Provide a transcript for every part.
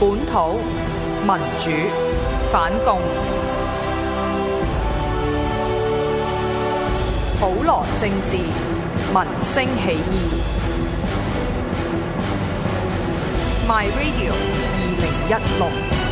本土民主反共，普羅政治民生起義。My Radio 二零一六。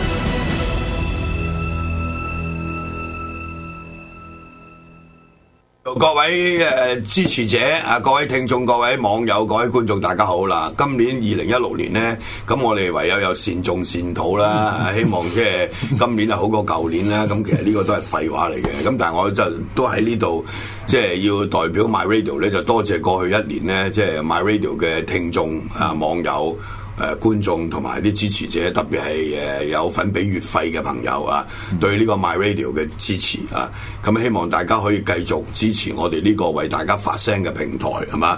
各位誒支持者啊，各位聽眾、各位網友、各位觀眾，大家好啦！今年二零一六年呢，咁我哋唯有有善種善土啦，希望即係今年就好過舊年啦。咁其實呢個都係廢話嚟嘅。咁但係我就都喺呢度，即係要代表 My Radio 咧，就多謝過去一年呢，即係 My Radio 嘅聽眾啊、網友。誒、呃、觀眾同埋啲支持者，特別係誒、呃、有份俾月費嘅朋友啊，對呢個 MyRadio 嘅支持啊，咁、嗯、希望大家可以繼續支持我哋呢個為大家發聲嘅平台，係嘛？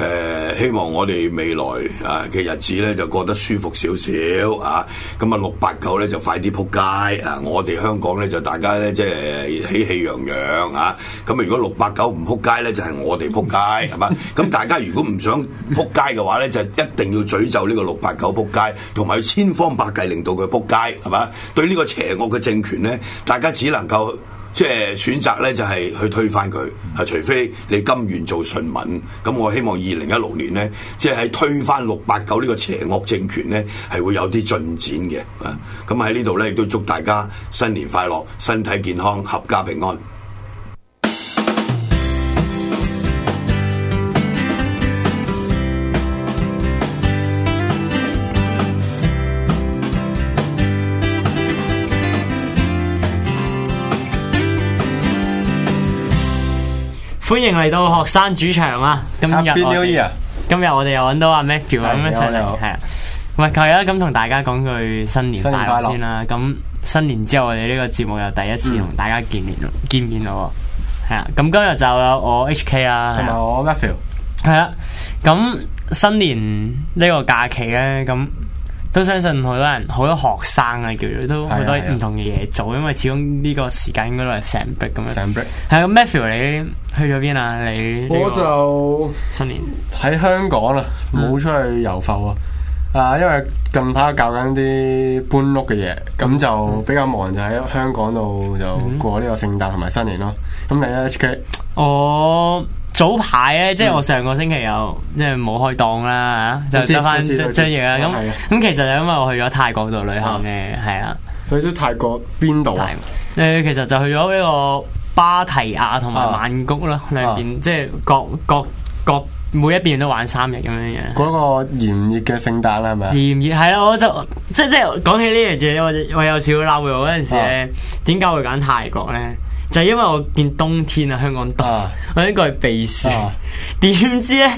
誒、呃，希望我哋未來啊嘅日子咧就過得舒服少少啊！咁、嗯、啊，六八九咧就快啲撲街啊！我哋香港咧就大家咧即係喜氣洋洋啊！咁、嗯、如果六八九唔撲街咧，就係、是、我哋撲街係嘛？咁 大家如果唔想撲街嘅話咧，就一定要詛咒呢個六。八九撲街，同埋要千方百計令到佢撲街，係嘛？對呢個邪惡嘅政權呢，大家只能夠即係、就是、選擇呢，就係去推翻佢，係除非你甘願做順民。咁我希望二零一六年呢，即係喺推翻六八九呢個邪惡政權呢，係會有啲進展嘅。咁喺呢度呢，亦都祝大家新年快樂，身體健康，合家平安。歡迎嚟到學生主場啊！今日今日我哋又揾到阿 Matthew 咁上嚟，係啊！喂，係啦，咁同大家講句新年，新年快樂先啦！咁新年之後，我哋呢個節目又第一次同、嗯、大家見面咯，見面咯喎！係啊，咁今日就有我 HK 啊，同埋我 Matthew 係啦。咁新年呢個假期咧，咁。都相信好多人，好多學生啊，叫做都好多唔同嘅嘢做， 因為始終呢個時間應該都係成 break 咁樣。成個 break 係咁，Matthew 你去咗邊啊？你我就新年喺香港啊，冇、嗯、出去遊浮啊，啊，因為近排教緊啲搬屋嘅嘢，咁就比較忙，就喺香港度就過呢個聖誕同埋新年咯。咁、嗯、你咧？HK、我。早排咧，即係我上個星期又即係冇開檔啦，就得翻張張嘢啦。咁咁其實就因為我去咗泰國度旅行嘅，係啊。去咗泰國邊度啊？誒，其實就去咗呢個芭提亞同埋曼谷啦，兩邊即係各各各每一邊都玩三日咁樣樣。嗰個炎熱嘅聖誕係咪啊？炎熱係啊！我就即即係講起呢樣嘢，我我有小嬲我嗰陣時咧，點解會揀泰國咧？就因為我見冬天啊，香港凍，我應該去避暑，點知咧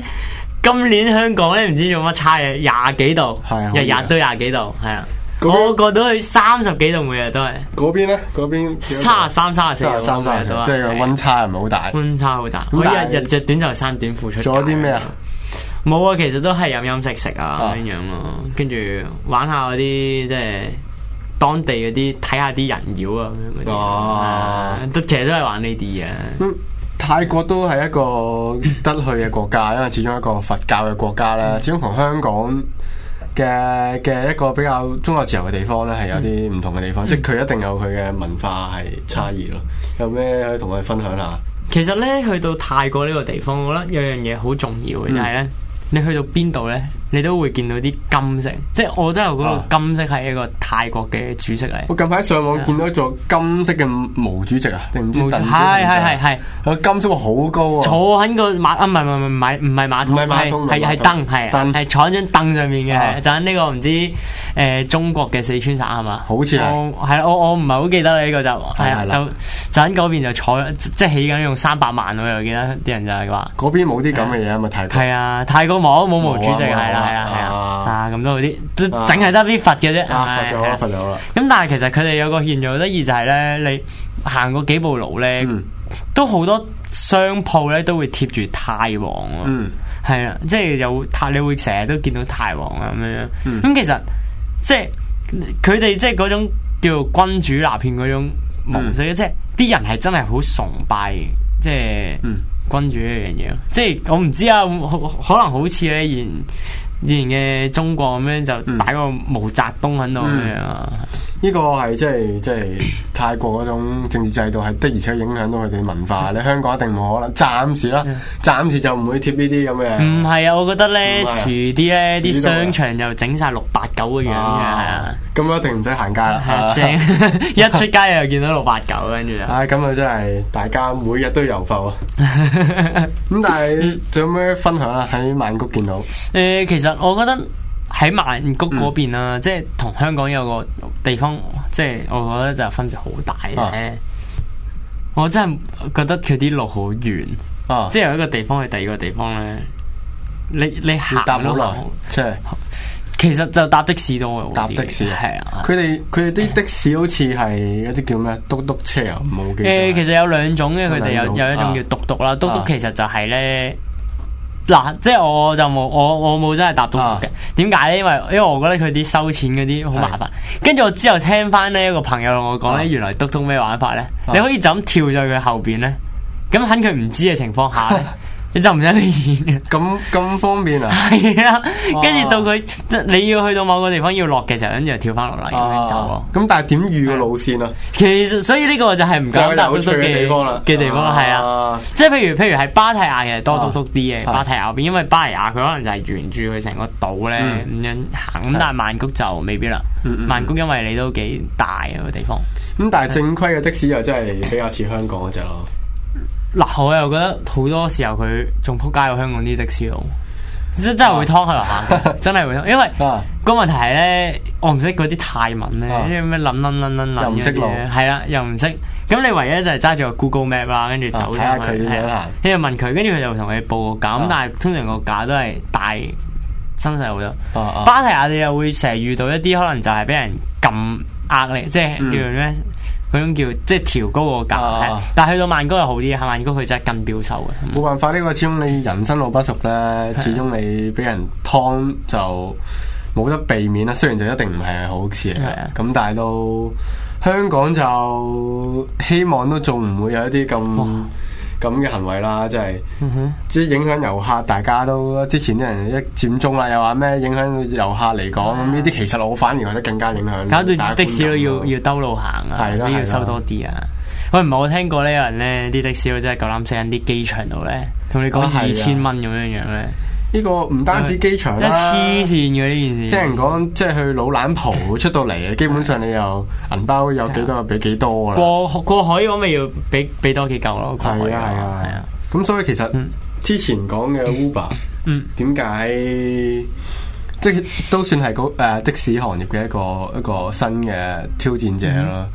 今年香港咧唔知做乜差嘢，廿幾度，日日都廿幾度，係啊，我過到去三十幾度每日都係。嗰邊咧？嗰邊卅三卅四。卅三卅度啊！即係溫差係咪好大？溫差好大。每日日着短袖衫短褲出去。做咗啲咩啊？冇啊，其實都係飲飲食食啊咁樣咯，跟住玩下嗰啲即係。當地嗰啲睇下啲人妖啊，哦哇，都其實都係玩呢啲嘢。泰國都係一個得去嘅國家， 因為始終一個佛教嘅國家啦。 始終同香港嘅嘅一個比較中國自由嘅地方咧，係有啲唔同嘅地方，嗯、即係佢一定有佢嘅文化係差異咯。嗯、有咩可以同我哋分享下？其實咧，去到泰國呢個地方，我覺得有樣嘢好重要嘅就係、是、咧，你去到邊度咧？你都會見到啲金色，即係我真係覺得金色係一個泰國嘅主色嚟。我近排上網見到一座金色嘅毛主席啊，定唔知？係係係係，個金色好高啊！坐喺個馬唔係唔唔唔係唔係馬桶，係係係凳，係係坐喺張凳上面嘅，就喺呢個唔知誒中國嘅四川省係嘛？好似係係，我我唔係好記得呢個，就係啊，就就喺嗰邊就坐即係起緊用三百萬咯，我又記得啲人就係話嗰邊冇啲咁嘅嘢啊嘛，泰國係啊泰國冇冇毛主席係啊！係啊係啊，啊咁都好啲，都整係得啲佛嘅啫。啊，佛就好啦，right, Damn, 佛就好啦。咁但係其實佢哋有個現象得意，就係咧，你行過幾步路咧，都好多商鋪咧都會貼住太，、uh, 太王。嗯，係啊、okay. uh,，即係有太，你會成日都見到太王啊咁樣。嗯，咁其實即係佢哋即係嗰種叫做君主立憲嗰種模式，即係啲人係真係好崇拜，即係君主呢樣嘢。即係我唔知啊，可能好似咧現。以前嘅中國咁樣，就擺個毛澤東喺度咁樣啊～、嗯呢個係即係即係泰國嗰種政治制度係的，而且影響到佢哋文化。你香港一定唔可能，暫時啦，暫時就唔會貼呢啲咁嘅。唔係啊，我覺得咧遲啲咧啲商場又整晒六八九個樣嘅，係啊。咁一定唔使行街啦。正一出街又見到六八九，跟住唉，咁啊真係大家每日都遊浮。咁但係仲有咩分享啊？喺曼谷見到。誒，其實我覺得。喺曼谷嗰邊啦，嗯、即係同香港有個地方，即係我覺得就分別好大嘅。啊、我真係覺得佢啲路好遠，啊、即係由一個地方去第二個地方咧，你你行好耐即係，其實就搭的士多嘅，搭的士係啊。佢哋佢哋啲的士好似係一啲叫咩？嘟嘟車啊，冇記。誒、欸，其實有兩種嘅，佢哋有有一種叫嘟嘟啦，嘟嘟其實就係咧。嗱，即係我就冇，我我冇真係答到我嘅。點解、啊、呢？因為因為我覺得佢啲收錢嗰啲好麻煩。跟住是 我之後聽翻呢一個朋友同我講呢，啊、原來督通咩玩法呢？啊、你可以就咁跳在佢後邊呢，咁喺佢唔知嘅情況下咧。 你就唔使俾錢嘅，咁咁方便啊！係啦，跟住到佢，你要去到某個地方要落嘅時候，跟住就跳翻落嚟走。咁但係點預個路線啊？其實所以呢個就係唔夠大嘅地方啦。嘅地方係啊，即係譬如譬如係芭提亞嘅多督嘟啲嘅芭提亞邊，因為芭提亞佢可能就係沿住佢成個島咧咁樣行。咁但係曼谷就未必啦。曼谷因為你都幾大啊個地方。咁但係正規嘅的士又真係比較似香港嗰隻咯。嗱，我又覺得好多時候佢仲撲街過香港啲的士佬，真真係會劏喺度行，真係會，因為個問題係咧，我唔識嗰啲泰文咧，啲咩撚撚撚撚撚，又唔識路，係啦，又唔識。咁你唯一就係揸住個 Google Map 啦，跟住走睇下佢點行，跟住問佢，跟住佢就同你報個價。咁但係通常個價都係大，真細好多。巴提亞你又會成日遇到一啲可能就係俾人撳壓力，即係叫咩？嗰種叫即係調高個價，啊、但係去到曼谷又好啲，係嘛？曼谷佢真係更表籌嘅，冇辦法呢、這個始終，你人生路不熟咧，嗯、始終你俾人劏就冇得避免啦。雖然就一定唔係好事嚟，咁、嗯嗯、但係都，香港就希望都仲唔會有一啲咁。咁嘅行為啦，即係即影響遊客，大家都之前啲人一佔中啦，又話咩影響遊客嚟講，咁呢啲的其實我反而覺得更加影響。搞到啲的士都要要兜路行啊，係囉，都要收多啲啊。喂，唔係我聽過呢有人呢，啲的士佬真係夠膽死喺啲機場度呢，同你講的二千蚊咁樣樣呢。呢個唔單止機場啦，黐線嘅呢件事。聽人講，即係去老蘭蒲出到嚟，嘅，基本上你又銀包有幾多，俾幾多啦。過過海咁咪要俾俾多幾嚿咯。係啊係啊係啊！咁所以其實之前講嘅 Uber，嗯，點解即都算係個的士行業嘅一個一個新嘅挑戰者啦。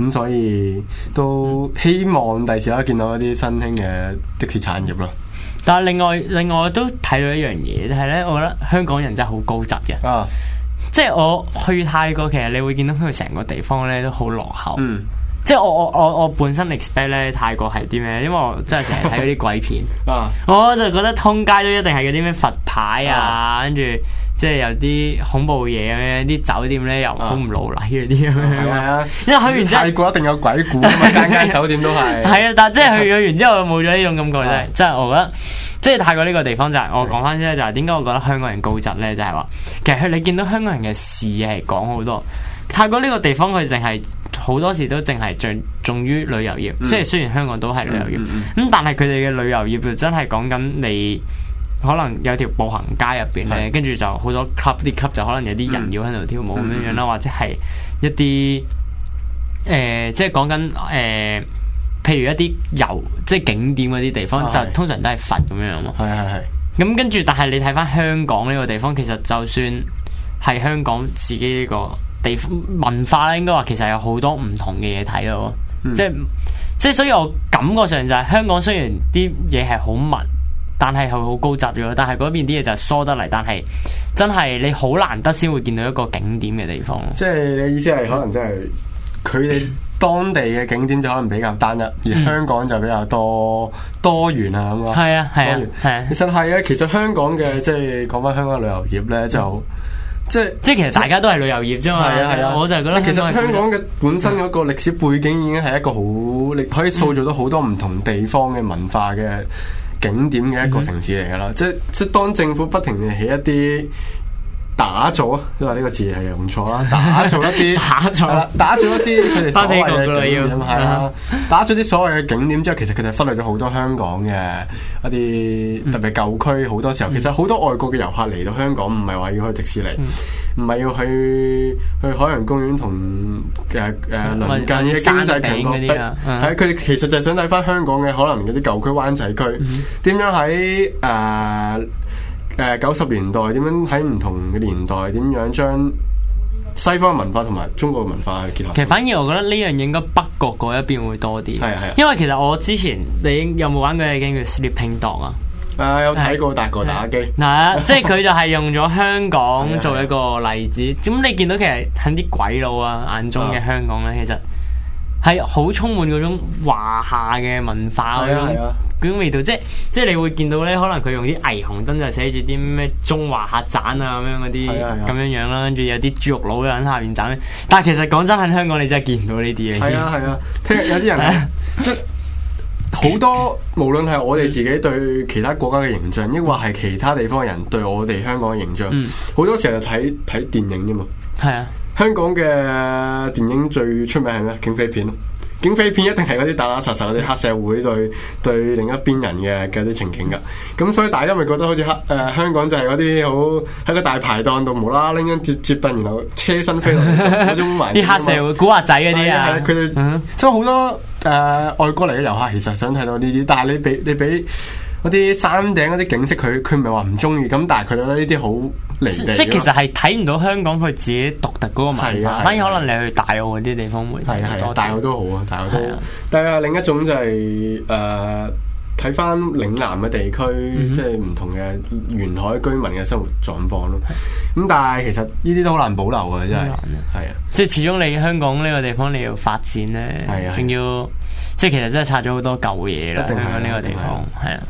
咁所以都希望第時可以見到一啲新興嘅的士產業咯。但係另外另外我都睇到一樣嘢，就係咧，我覺得香港人真係好高質嘅。即係我去泰國，其實你會見到佢成個地方咧都好落後。即係我我我我本身 expect 咧泰國係啲咩？因為我真係成日睇嗰啲鬼片。我就覺得通街都一定係嗰啲咩佛牌啊，跟住即係有啲恐怖嘢咁樣，啲酒店咧又好唔老禮嗰啲咁樣。因為去完泰國一定有鬼故啊嘛，間間酒店都係。係啊，但係即係去咗完之後冇咗呢種感覺，真係真係我覺得。即係泰國呢個地方就係、是、我講翻先就係點解我覺得香港人高質呢？就係、是、話其實你見到香港人嘅視野係廣好多。泰國呢個地方佢淨係好多時都淨係着重於旅遊業，嗯、即係雖然香港都係旅遊業，咁、嗯嗯嗯嗯嗯、但係佢哋嘅旅遊業就真係講緊你可能有條步行街入邊咧，跟住是就好多 club 啲 club 就可能有啲人妖喺度跳舞咁樣樣啦，嗯嗯嗯嗯、或者係一啲誒、呃，即係講緊誒。呃譬如一啲遊即係景點嗰啲地方，是就通常都係佛咁樣樣咯。係係係。咁跟住，但係你睇翻香港呢個地方，其實就算係香港自己呢個地文化咧，應該話其實有好多唔同嘅嘢睇咯。即係即係，所以我感覺上就係、是、香港雖然啲嘢係好密，但係係好高質咗，但係嗰邊啲嘢就係疏得嚟。但係真係你好難得先會見到一個景點嘅地方。嗯、即係你意思係可能真係佢哋。 當地嘅景點就可能比較單一，而香港就比較多、嗯、多元啊咁咯。係啊，係 啊，其實係啊，的其實香港嘅即係講返香港旅遊業咧，嗯、就即係即係其實大家都係旅遊業啫嘛。係啊，係啊，我就係覺得其實香港嘅本身嗰個歷史背景已經係一個好，你可以塑造到好多唔同地方嘅文化嘅景點嘅一個城市嚟㗎喇。嗯嗯、即即當政府不停地起一啲。打造啊，都話呢個字係唔錯啦。打造一啲，打造啦，打造一啲佢哋所謂嘅景點，係啦，打造啲所謂嘅景點，之後其實佢哋係忽略咗好多香港嘅一啲特別舊區，好多時候其實好多外國嘅遊客嚟到香港，唔係話要去迪士尼，唔係要去去海洋公園同誒誒鄰近嘅經濟，係佢哋其實就係想睇翻香港嘅可能嗰啲舊區、灣仔區，點樣喺誒。誒，九十、呃、年代點樣喺唔同嘅年代點樣將西方文化同埋中國文化去結合？其實反而我覺得呢樣應該北國嗰一邊會多啲。係係、啊啊、因為其實我之前你有冇玩過嘢叫《Sleeping Dog》啊？誒，有睇過，但係個打機嗱，即係佢就係、是、用咗香港做一個例子。咁、啊啊、你見到其實喺啲鬼佬啊眼中嘅香港咧，其實係好充滿嗰種華夏嘅文化嗰種。味道即係即係你會見到咧，可能佢用啲霓虹燈就寫住啲咩中華客棧啊，咁、啊啊、樣嗰啲咁樣樣啦，跟住有啲豬肉佬喺下面斬。但係其實講真，喺香港你真係見唔到呢啲嘢。係啊係啊，聽、啊、有啲人咧、啊、即好、啊、多無論係我哋自己對其他國家嘅形象，抑或係其他地方人對我哋香港嘅形象，好、嗯、多時候睇睇電影啫嘛。係啊，香港嘅電影最出名係咩？警匪片。警匪片一定係嗰啲打打殺殺嗰啲黑社會對對另一邊人嘅嘅啲情景㗎，咁所以大家咪覺得好似黑誒香港就係嗰啲好喺個大排檔度無啦啦拎緊接接凳，然後車身飛落嗰種、啲 黑社會古惑仔嗰啲啊，佢哋即係好多誒、呃、外國嚟嘅遊客其實想睇到呢啲，但係你俾你俾。嗰啲山頂嗰啲景色，佢佢唔係話唔中意，咁但係佢覺得呢啲好離，即係其實係睇唔到香港佢自己獨特嗰個文化。所以可能你去大澳啲地方會多。大澳都好啊，大澳。都好。但係另一種就係誒睇翻嶺南嘅地區，即係唔同嘅沿海居民嘅生活狀況咯。咁但係其實呢啲都好難保留嘅，真係係啊！即係始終你香港呢個地方你要發展咧，仲要即係其實真係拆咗好多舊嘢啦。香港呢個地方係啊。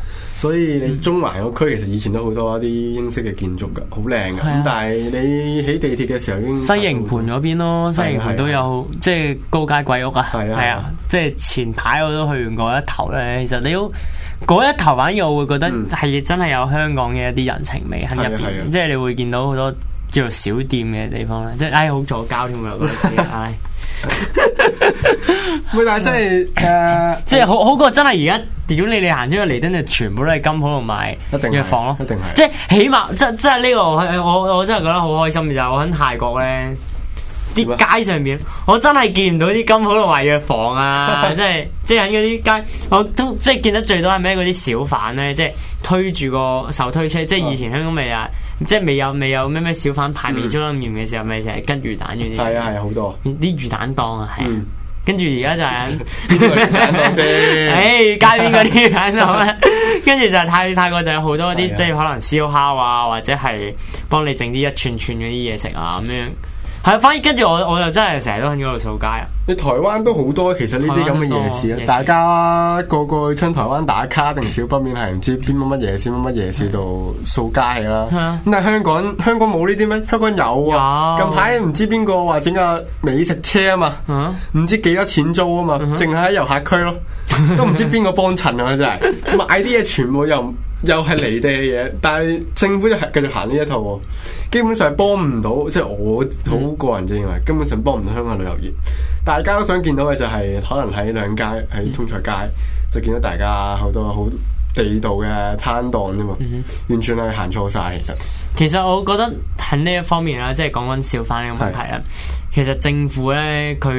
所以你中環嗰區其實以前都好多一啲英式嘅建築㗎，好靚㗎。咁但係你起地鐵嘅時候，西營盤嗰邊咯，西營盤都有即係高街鬼屋啊。係啊，係啊，即係前排我都去完嗰一頭咧。其實你要嗰一頭反而我會覺得係真係有香港嘅一啲人情味喺入邊。即係你會見到好多叫做小店嘅地方咧。即係唉，好嘈交添㗎，但係真係誒，即係好好過真係而家。如果你哋行出去彌敦，就全部都係金鋪同埋藥房咯，一定係，即係起碼，即係即係、這、呢個我我真係覺得好開心嘅就係我喺泰國咧，啲街上面，我真係、就是、見唔到啲金鋪同埋藥房啊！即係 即係喺嗰啲街，我都即係見得最多係咩？嗰啲小販咧，即係推住個手推車，即係以前香港未啊，即係未有未有咩咩小販排面出咁嚴嘅時候，咪就係跟魚蛋嗰啲呀，係啊係啊好多啲魚蛋檔啊，係跟住而家就係、 哎，誒， 街邊嗰啲，跟住就泰泰國就有好多啲，即係 可能燒烤啊，或者係幫你整啲一,一串串嗰啲嘢食啊，咁樣，係， 反而跟住我，我就真係成日都喺嗰度掃街啊。你台灣都好多，其實呢啲咁嘅夜市，大家個個去親台灣打卡定少不免係唔知邊乜乜夜市，先乜乜夜市度掃街啦。咁但係香港，香港冇呢啲咩？香港有啊。近排唔知邊個話整個美食車啊嘛，唔知幾多錢租啊嘛，淨係喺遊客區咯，都唔知邊個幫襯啊！真係買啲嘢全部又又係離地嘅嘢，但係政府就係繼續行呢一套，基本上幫唔到。即係我好個人就認為，根本上幫唔到香港旅遊業。大家都想見到嘅就係、是、可能喺兩街喺通菜街，嗯、就見到大家好多好地道嘅攤檔啫嘛，嗯、哼完全係行錯晒。其實其實我覺得喺呢一方面啦，即、就、係、是、講緊小販呢個問題啦。是其實政府咧，佢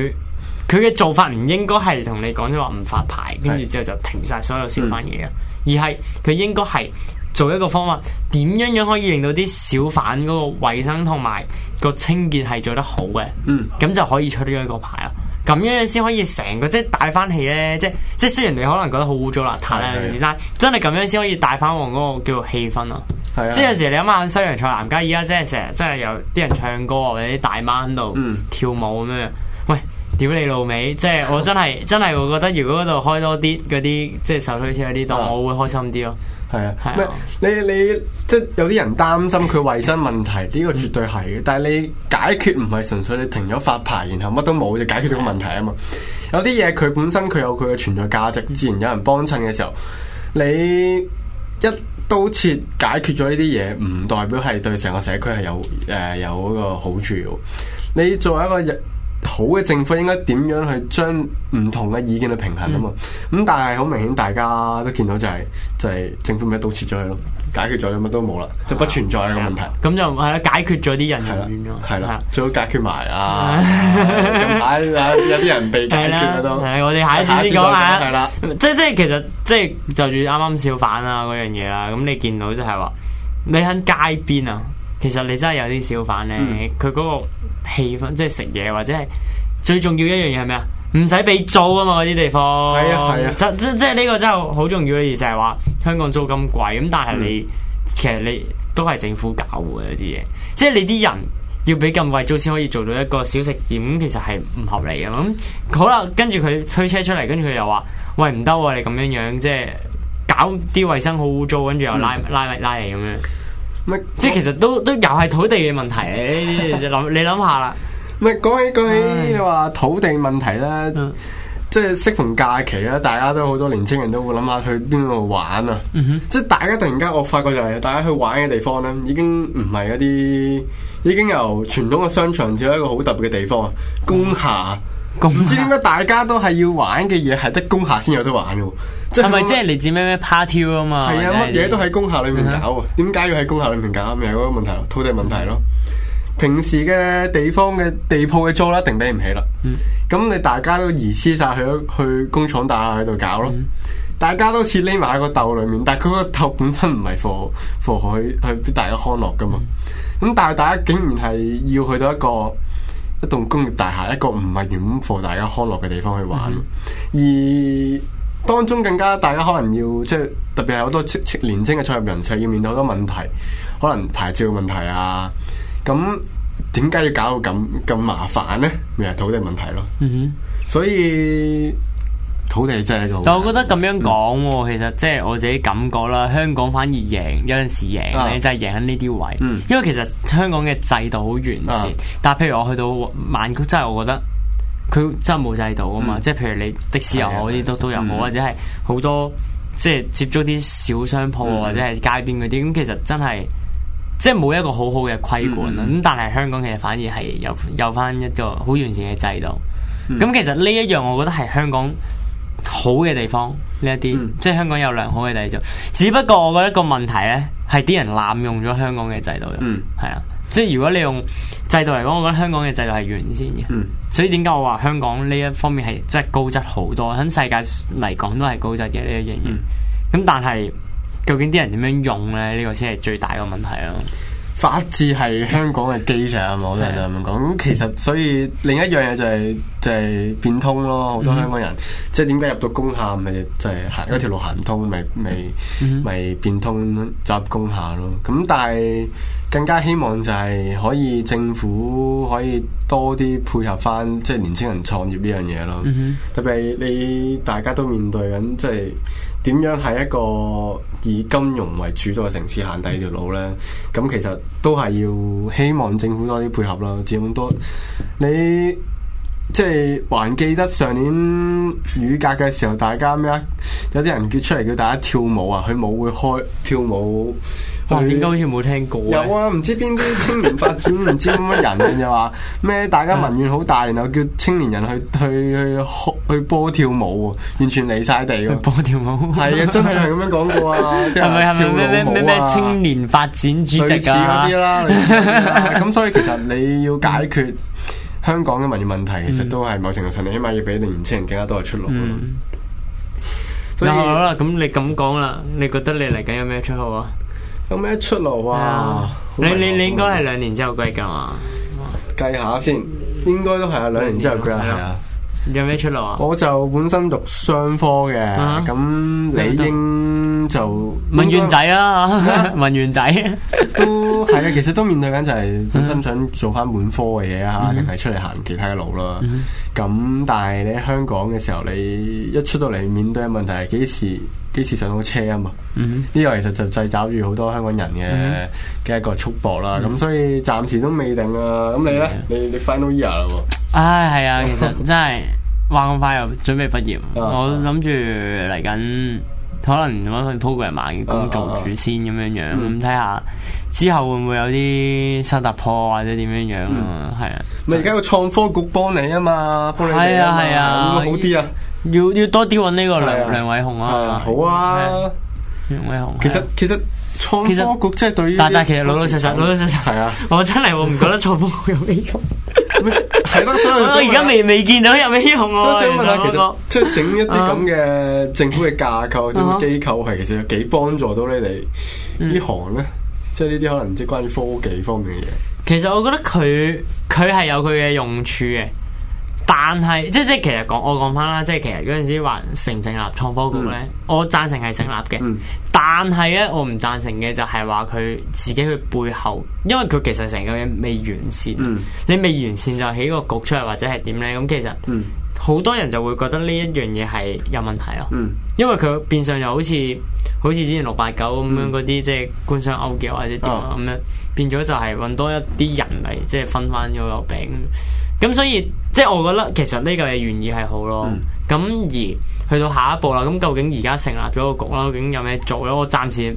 佢嘅做法唔應該係同你講咗話唔發牌，跟住是之後就停晒所有小販嘢啊，嗯、而係佢應該係做一個方法，點樣樣可以令到啲小販嗰個衞生同埋個清潔係做得好嘅。嗯，咁就可以出呢一個牌。咁樣先可以成個即係帶翻氣咧，即呢即，即雖然你可能覺得好污糟邋遢咧，的但真係咁樣先可以帶翻旺嗰個叫做氣氛咯。的即有時你諗下西洋菜南街依家，真係成日真係有啲人唱歌或者啲大媽喺度跳舞咁樣，嗯、喂屌你老味！即係我真係真係會覺得，如果嗰度開多啲嗰啲即係手推車嗰啲檔的，我會開心啲咯、哦。係啊，係啊。你你即係有啲人擔心佢衞生問題，呢個絕對係嘅。但係你解決唔係純粹你停咗發牌，然後乜都冇就解決到問題啊嘛？有啲嘢佢本身佢有佢嘅存在價值，自然有人幫襯嘅時候，你一刀切解決咗呢啲嘢，唔代表係對成個社區係有誒、呃、有嗰個好處。你作為一個人。好嘅，政府應該點樣去將唔同嘅意見去平衡啊嘛？咁但係好明顯大家都見到就係就係政府咪一刀切咗佢咯，解決咗，咁乜都冇啦，就不存在呢個問題。咁就係啦，解決咗啲人就完係啦，最好解決埋啊，有啲人被解決啦都。係我哋下一次講下，係啦，即係即係其實即係就住啱啱小販啊嗰樣嘢啦。咁你見到就係話你喺街邊啊。其實你真係有啲小販咧，佢嗰、嗯、個氣氛，即係食嘢或者係最重要一樣嘢係咩啊？唔使俾租啊嘛，嗰啲地方係啊，係啊，即係呢個真係好重要嘅嘢，就係話香港租咁貴，咁但係你、嗯、其實你都係政府搞嘅一啲嘢，即係你啲人要俾咁貴租先可以做到一個小食店，其實係唔合理嘅。咁好啦，跟住佢推車出嚟，跟住佢又話喂唔得、啊，你咁樣樣即係搞啲衛生好污糟，跟住又拉、嗯、拉拉嚟咁樣。即係其實都都又係土地嘅問題，諗 你諗下啦。咪講起講起你話土地問題咧，唉 即係適逢假期啦，大家都好多年輕人都會諗下去邊度玩啊。嗯、哼即係大家突然間，我發覺就係大家去玩嘅地方咧，已經唔係一啲，已經由傳統嘅商場轉一個好特別嘅地方，工廈。嗯唔知點解大家都係要玩嘅嘢係得工廈先有得玩嘅？即係，係咪即係嚟自咩咩 party 啊嘛？係啊，乜嘢都喺工廈裏面搞啊，點解 要喺工廈裏面搞咪係嗰個問題咯？土地問題咯。嗯、平時嘅地方嘅地鋪嘅租一定俾唔起啦。咁、嗯、你大家都移師晒去去工廠大廈喺度搞咯，嗯、大家都似匿埋喺個竇裏面，但係佢個竇本身唔係貨貨去去俾大家康樂噶嘛。咁、嗯、但係大家竟然係要去到一個。一棟工業大廈，一個唔係咁課大家康樂嘅地方去玩，mm hmm. 而當中更加大家可能要即係，特別係好多年青嘅創業人士要面對好多問題，可能牌照問題啊，咁點解要搞到咁咁麻煩呢？咪係土地問題咯，mm hmm. 所以。土地制喺度，但我覺得咁樣講喎，其實即係我自己感覺啦。香港反而贏，有陣時贏咧，真係贏喺呢啲位，因為其實香港嘅制度好完善。但譬如我去到曼谷，真係我覺得佢真係冇制度啊嘛。即係譬如你的士又好，啲都都又好，或者係好多即係接咗啲小商鋪或者係街邊嗰啲，咁其實真係即係冇一個好好嘅規管啦。咁但係香港其實反而係有有翻一個好完善嘅制度。咁其實呢一樣，我覺得係香港，好嘅地方呢一啲，嗯、即係香港有良好嘅制度。嗯、只不過我覺得一個問題咧，係啲人濫用咗香港嘅制度。嗯，係啊。即係如果你用制度嚟講，我覺得香港嘅制度係完善嘅。嗯，所以點解我話香港呢一方面係真係高質好多，響世界嚟講都係高質嘅呢一樣嘢。嗯、咁但係究竟啲人點樣用咧？呢、呢個先係最大嘅問題咯。法治係香港嘅基石，係咪好多人就咁講？咁的其實所以另一樣嘢就係、是、就係、是、變通咯。好多香港人、嗯、哼即係點解入到工廈，咪就係行嗰條路行唔通，咪咪咪變通，集工廈咯。咁但係更加希望就係可以政府可以多啲配合翻，即、就、係、是、年輕人創業呢樣嘢咯。嗯、哼特別你大家都面對緊，即係點樣喺一個。以金融為主導嘅城市限第條路呢，咁其實都係要希望政府多啲配合啦，至咁多你。即係還記得上年雨傘嘅時候，大家咩啊？有啲人叫出嚟叫大家跳舞啊！佢冇會開跳舞，我點解好似冇聽過？有啊，唔知邊啲青年發展唔知乜人就話咩？大家民怨好大，然後叫青年人去去去去波跳舞，完全離晒地嘅。波跳舞。係啊，真係係咁樣講過啊！即係跳舞啊！咩咩咩青年發展主席噶。嗰啲啦。咁所以其實你要解決。香港嘅民業問題其實都係某程度上，你起碼要俾啲年輕人更加多嘅出路咯。啦，咁你咁講啦，你覺得你嚟緊有咩出路啊？有咩出路啊？你你你應該係兩年之後計噶嘛？計下先，應該都係啊！兩年之後計啊！啊有咩出路啊？我就本身讀商科嘅，咁理應就文員仔啦，文員仔都係啊。其實都面對緊就係本身想做翻本科嘅嘢吓，定係出嚟行其他嘅路啦。咁但係你喺香港嘅時候，你一出到嚟面對嘅問題係幾時幾時上到車啊嘛？呢個其實就掣肘住好多香港人嘅嘅一個束縛啦。咁所以暫時都未定啊。咁你咧，你你 final year 啦唉，係啊，其實真係話咁快又準備畢業，我諗住嚟緊可能搵份 program 員工做住先咁樣樣，咁睇下之後會唔會有啲新突破或者點樣樣啊？係啊，咪而家個創科局幫你啊嘛，幫你哋啊嘛，會唔會好啲啊？要要多啲搵呢個梁梁偉雄啊，好啊，梁偉雄。其實其實創科局即係對於，但但其實老老實實老老實實，係啊，我真係我唔覺得創科局有咩用。係咯，所以而家未未見到有咩希望，我想問下。即係整一啲咁嘅政府嘅架構、政府機構係其實有幾幫助到你哋呢行咧？即係呢啲可能即係關於科技方面嘅嘢。其實我覺得佢佢係有佢嘅用處嘅。但係即即其實講我講翻啦，即係其實嗰陣時話成唔成立創科局咧，嗯、我贊成係成立嘅。嗯、但係咧，我唔贊成嘅就係話佢自己佢背後，因為佢其實成個嘢未完善。嗯、你未完善就起個局出嚟或者係點咧？咁其實好多人就會覺得呢一樣嘢係有問題咯。嗯、因為佢變相又好似。好似之前六八九咁樣嗰啲即係官商勾結或者點啊咁樣，哦、變咗就係搵多一啲人嚟，即係分翻咗個餅咁。所以即係、就是、我覺得其實呢嚿嘢原意係好咯。咁、嗯、而去到下一步啦，咁究竟而家成立咗個局啦，究竟有咩做咧？我暫時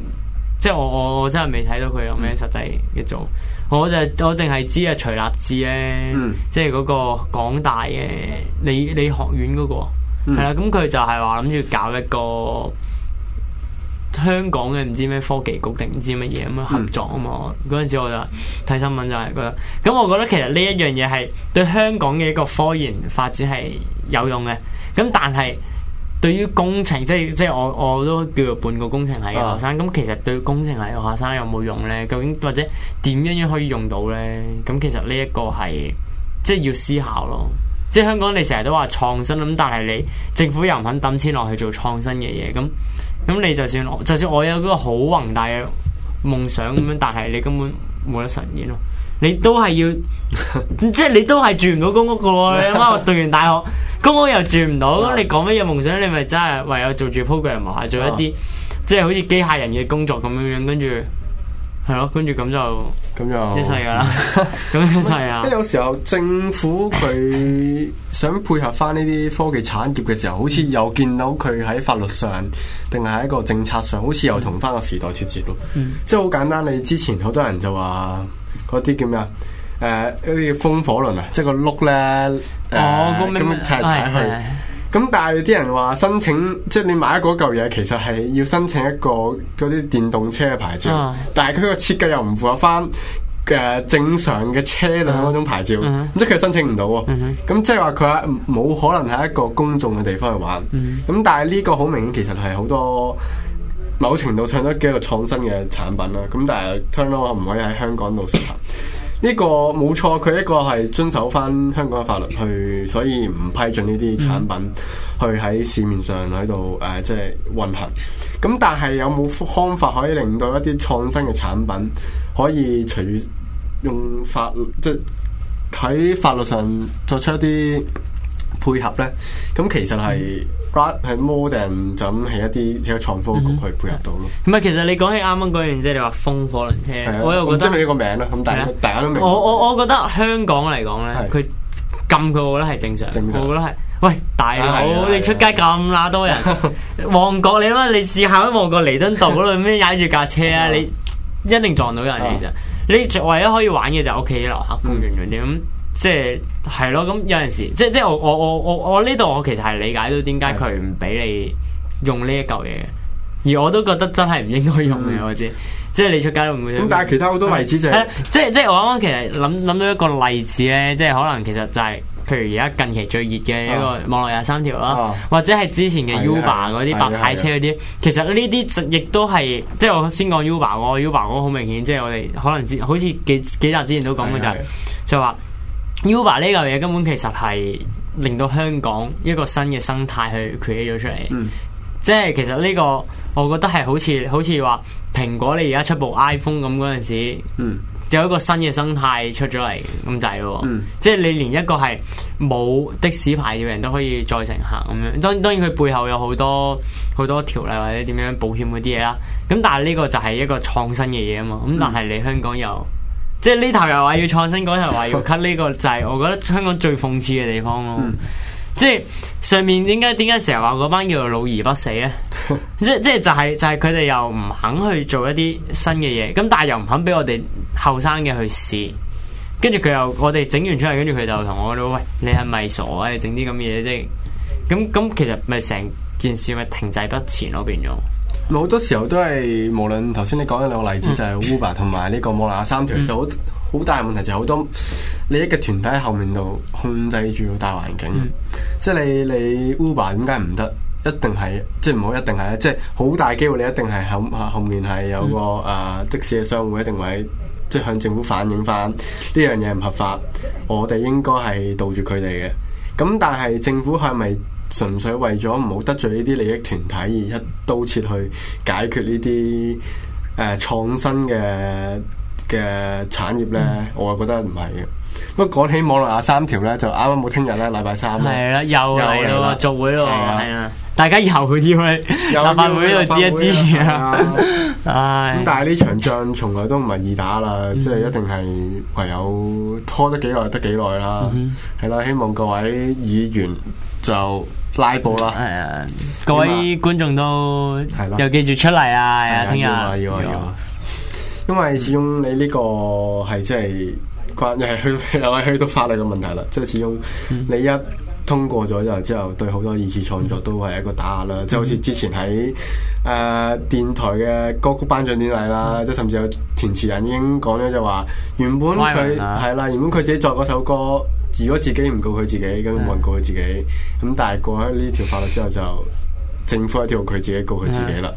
即係、就是、我我真係未睇到佢有咩實際嘅做。我就我淨係知啊徐立志咧，即係嗰個港大嘅理理學院嗰、那個係啦。咁佢、嗯、就係話諗住搞一個。香港嘅唔知咩科技局定唔知乜嘢咁樣合作啊嘛，嗰陣、嗯、時我就睇新聞就係覺得，咁我覺得其實呢一樣嘢係對香港嘅一個科研發展係有用嘅，咁但係對於工程即係即係我我都叫做半個工程系學生，咁、嗯、其實對工程系學生有冇用呢？究竟或者點樣樣可以用到呢？咁其實呢一個係即係要思考咯，即係香港你成日都話創新咁，但係你政府又唔肯抌錢落去做創新嘅嘢咁。咁你就算就算我有嗰個好宏大嘅夢想咁樣，但係你根本冇得實現咯。你都係要， 即係你都係住唔到公屋嘅。你啱啱我讀完大學，公屋又住唔到。咁 你講乜嘢夢想？你咪真係唯有做住 programmer，做一啲、oh. 即係好似機械人嘅工作咁樣樣，跟住。係咯，跟住咁就咁就一世噶啦，咁一世啊！即係 有時候政府佢想配合翻呢啲科技產業嘅時候， 好似又見到佢喺法律上，定係喺一個政策上，好似又同翻個時代脱節咯。 即係好簡單，你之前好多人就話嗰啲叫咩啊？誒、呃，嗰啲叫風火輪啊，即係個轆咧，呃、哦，咁、嗯、樣踩踩去。咁但係啲人話申請，即係你買嗰嚿嘢，其實係要申請一個嗰啲電動車嘅牌照，uh huh. 但係佢個設計又唔符合翻嘅正常嘅車輛嗰種牌照，咁、uh huh. 即係佢申請唔到。咁、uh huh. 即係話佢冇可能喺一個公眾嘅地方去玩。咁、uh huh. 但係呢個好明顯，其實係好多某程度上都幾個創新嘅產品啦。咁但係聽落唔可以喺香港度實行。Uh huh. 呢個冇錯，佢一個係遵守翻香港法律去，所以唔批准呢啲產品去喺市面上喺度誒，即係運行。咁但係有冇方法可以令到一啲創新嘅產品可以隨住用法，即係喺法律上作出一啲？配合咧，咁其實係，係 model 就咁係一啲喺創科局去配合到咯。唔係，其實你講起啱啱嗰樣嘢，你話風火輪車，我又覺得，即係一個名咯。咁大大家都明。我我我覺得香港嚟講咧，佢 禁佢，我覺得係正常。正常我覺得係，喂大佬， 你出街咁乸多人，旺角 你乜？你試下喺旺角彌敦道嗰度咩踩住架車啊？你一定撞到人其啫。 你唯一可以玩嘅就係屋企啲遊客公園嗰啲即係係咯，咁有陣時，即即我我我我我呢度，我其實係理解到點解佢唔俾你用呢一嚿嘢嘅，而我都覺得真係唔應該用嘅，嗯、我知。即係你出街都唔會。咁、嗯、但係其他好多例子就係，即即我啱啱其實諗諗到一個例子咧，即係可能其實就係、是，譬如而家近期最熱嘅一個網絡廿三條啦，啊啊、或者係之前嘅 Uber 嗰啲白牌車嗰啲，嗯嗯嗯嗯、其實呢啲亦都係，即我先講 Uber，我 Uber 我都好明顯，即係我哋可能好似幾幾，幾集之前都講嘅、嗯嗯、就係，就話。Uber 呢嚿嘢根本其實係令到香港一個新嘅生態去 create 咗出嚟，嗯、即係其實呢個我覺得係好似好似話蘋果你而家出部 iPhone 咁嗰陣時，嗯、就有一個新嘅生態出咗嚟咁滯，嗯、即係你連一個係冇的士牌嘅人都可以載乘客咁樣，當當然佢背後有好多好多條例或者點樣保險嗰啲嘢啦，咁但係呢個就係一個創新嘅嘢啊嘛，咁但係你香港又。即係呢頭又話要創新，嗰頭又話要 cut，呢個就係我覺得香港最諷刺嘅地方咯。即係上面點解點解成日話嗰班叫做老而不死咧？ 即即係就係就係佢哋又唔肯去做一啲新嘅嘢，咁但係又唔肯俾我哋後生嘅去試。跟住佢又我哋整完出嚟，跟住佢就同我講：喂，你係咪傻啊？你整啲咁嘢啫？咁咁其實咪成件事咪停滯不前咯，變咗。好多時候都係無論頭先你講嘅兩個例子、嗯、就係 Uber 同埋呢個莫拿三條、嗯，就好好大問題就係好多利益嘅團體喺後面度控制住個大環境。嗯、即係你你 Uber 點解唔得？一定係即係唔好一定係咧，即係好大機會你一定係響後,後面係有個誒、嗯啊、的士嘅商戶，一定會即係向政府反映翻呢樣嘢唔合法。我哋應該係堵住佢哋嘅。咁但係政府係咪？純粹為咗唔好得罪呢啲利益團體而一刀切去解決呢啲誒創新嘅嘅產業咧，我啊覺得唔係嘅。不過講起網絡廿三條咧，就啱啱冇聽日咧禮拜三係啦，又嚟啦，做會咯，係啊，大，大家以又去議會立法會度支一支持啊。咁但係呢場仗從來都唔係易打啦，即係一定係唯有拖得幾耐得幾耐啦 ris als 日本。係啦，希望各位議員。就拉布啦，係啊！各位觀眾都的又記住出嚟啊！聽日的天要啊要啊，的因為始終你呢個係真係關又係去又係去到法律嘅問題啦。即係始終你一通過咗之後，嗯、對好多二次創作都係一個打壓啦。即係、嗯、好似之前喺誒、呃、電台嘅歌曲頒獎典禮啦，即係、嗯、甚至有填詞人已經講咗就話，原本佢係啦，原本佢自己作嗰首歌。如果自己唔告佢自己，咁冇人告佢自己，咁的但係過咗呢條法律之後，就政府一條佢自己告佢自己啦。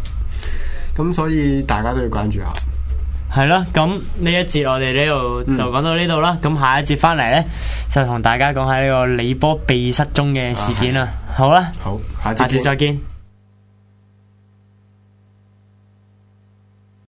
咁的所以大家都要關注下。係咯，咁呢一節我哋呢度就講到呢度啦。咁、嗯、下一節翻嚟呢，就同大家講下呢個李波被失蹤嘅事件啦。啊、好啦吧，好，下次再見。